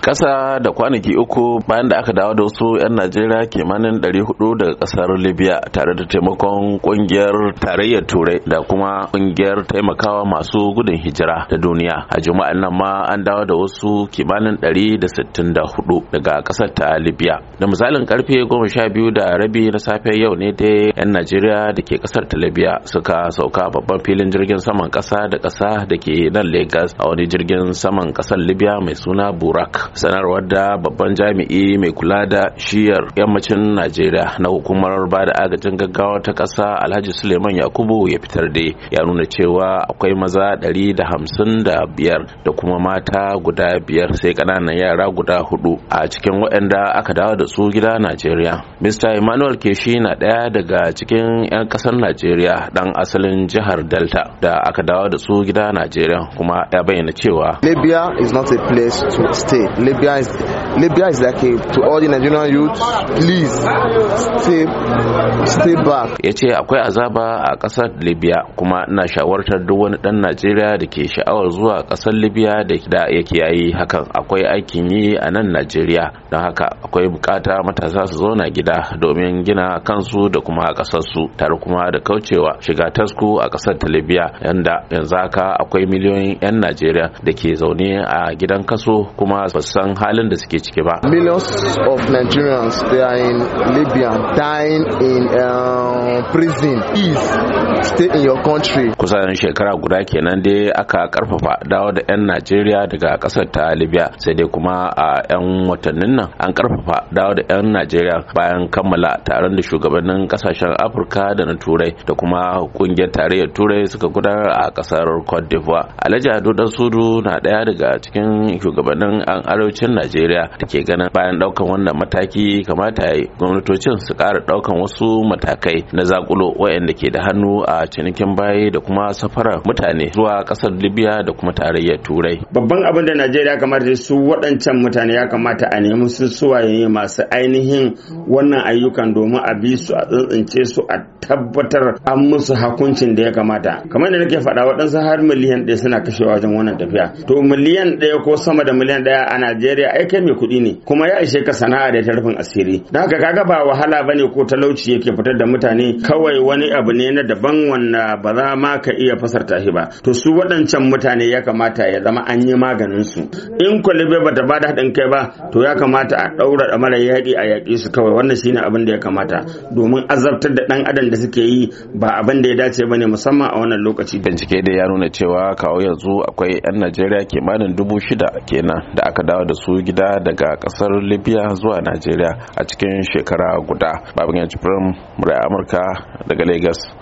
kasa da kwanaki uku bayan da aka dawo da wasu 'yan najeriya kimanin 400 daga kasar libya tare da taimakon kungiyar tarayyar turai da kuma kungiyar taimakawa masu gudun hijira da duniya a juma'a nan ma an dawo da wasu kimanin 164 daga kasar ta libya da misalin karfe 12 da rabi na safe yau ne dai 'yan najeriya da ke kasar ta libya suka sauka babban filin jirgin saman kasa da kasa da ke nan Legas a wani jirgin saman kasar libya mai suna burak sanarwar da babban jami'i mai kula da shiyar yammacin najeriya na hukumar ba da agajin gaggawa ta ƙasa alhaji suleiman yakubu ya fitar da ya nuna cewa akwai maza ɗari da hamsin da biyar da kuma mata guda biyar sai ƙananan yara guda hudu a cikin waɗanda aka dawo da su gida najeriya mr emmanuel keshi na ɗaya daga cikin 'yan ƙasar najeriya ɗan asalin jihar delta da aka dawo da su gida najeriya kuma ya bayyana cewa libya is not a place to stay Libya is Libya is like a eh, to all the Nigerian youth. Please stay back ya ce akwai azaba a kasar libya kuma na shawartar duk wani dan najeriya da ke sha'awar zuwa kasar libya da ya kiyayi hakan akwai aikin yi a nan najeriya don haka akwai bukata matasa su zauna gida domin gina kansu da kuma kasarsu tare kuma da kaucewa shiga tasku a kasar ta libya yanda yanzu haka akwai miliyoyin 'yan najeriya da ke zaune a gidan kaso kuma ba san halin da suke ciki ba millions of nigerians they are in libya dying in uh, prison is stay in your country. Kusan shekara guda kenan dai aka karfafa dawo da 'yan Najeriya daga kasar ta Libya sai dai kuma a 'yan watannin nan an karfafa dawo da 'yan Najeriya bayan kammala taron da shugabannin kasashen Afirka da na Turai da kuma kungiyar tarayyar Turai suka gudanar a kasar Cote d'Ivoire. Alhaji Ado Dan Sudu na daya daga cikin shugabannin an arewacin Najeriya da ke ganin bayan daukan wannan mataki kamata ya yi gwamnatocin su ƙara ɗaukan wasu matakai na zakulo waɗanda ke da hannu a cinikin bayi da kuma safarar mutane zuwa ƙasar libya da kuma tarayyar turai babban abin da najeriya kamata su waɗancan mutane ya kamata a nemi su suwaye masu ainihin wannan ayyukan domin a bi su a tsintsince su a tabbatar an musu hakuncin da ya kamata kamar da nake faɗa waɗansu har miliyan ɗaya suna kashewa wajen wannan tafiya to miliyan ɗaya ko sama da miliyan ɗaya a najeriya ai kai mai kuɗi ne kuma ya ishe ka sana'a da ta rufin asiri don haka kaga ba wahala bane ne ko talauci yake fitar da mutane kawai wani abu ne na daban wanda ba za ma ka iya fasarta shi ba to su waɗancan mutane ya kamata ya zama an yi maganin su in kwalibe ba ta bada haɗin kai ba to ya kamata a ɗaura mara yaƙi a yaƙi su kawai wannan shine abin da ya kamata domin azabtar da ɗan adam da suke yi ba abin da ya dace ba ne musamman a wannan lokaci bincike da ya nuna cewa kawo yanzu akwai 'yan najeriya kimanin dubu shida kenan da aka dawo da su gida daga kasar libya zuwa najeriya a cikin shekara guda babin yanci mura murai amurka daga lagos